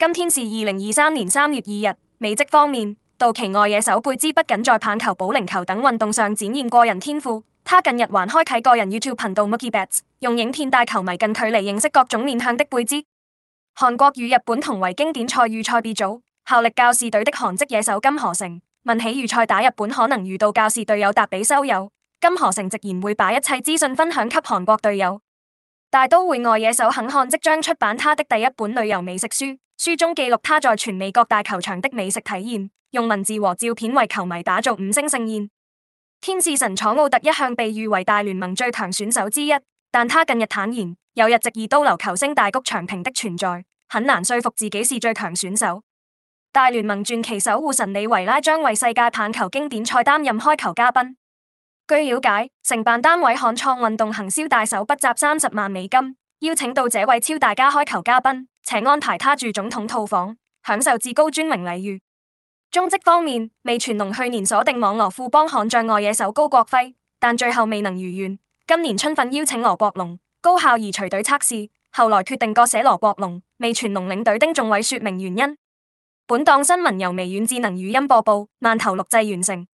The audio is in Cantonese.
今天是二零二三年三月二日。美職方面，道奇外野手貝茲不僅在棒球、保齡球等運動上展現個人天賦，他近日還開啟個人 YouTube 頻道 Mookie Betts，用影片帶球迷近距離認識各種面向的貝茲。韓國與日本同為經典賽預賽 B 組，效力教士隊的韓籍野手金河成問起預賽打日本可能遇到教士隊友達比修有，金河成直言會把一切資訊分享給韓國隊友。大都會外野手肯漢即將出版他的第一本旅遊美食書，書中記錄他在全美各大球場的美食體驗，用文字和照片為球迷打造五星盛宴。天使神楚奧特一向被譽為大聯盟最強選手之一，但他近日坦言，有日直二刀流球星大谷翔平的存在，很難說服自己是最強選手。大聯盟傳奇守護神李維拉將為世界棒球經典賽擔任開球嘉賓。據了解，承辦單位悍創運動行銷大手筆砸三十萬美金邀請到這位超大家開球嘉賓，且安排他住總統套房，享受至高尊榮禮遇。中職方面，味全龍去年鎖定網羅富邦悍將外野手高國輝，但最後未能如願。今年春訓邀請羅國龍，高校而隨隊測試，後來決定割捨羅國龍，味全龍領隊丁仲偉說明原因。本檔新聞由微軟智能語音播報，慢投錄製完成。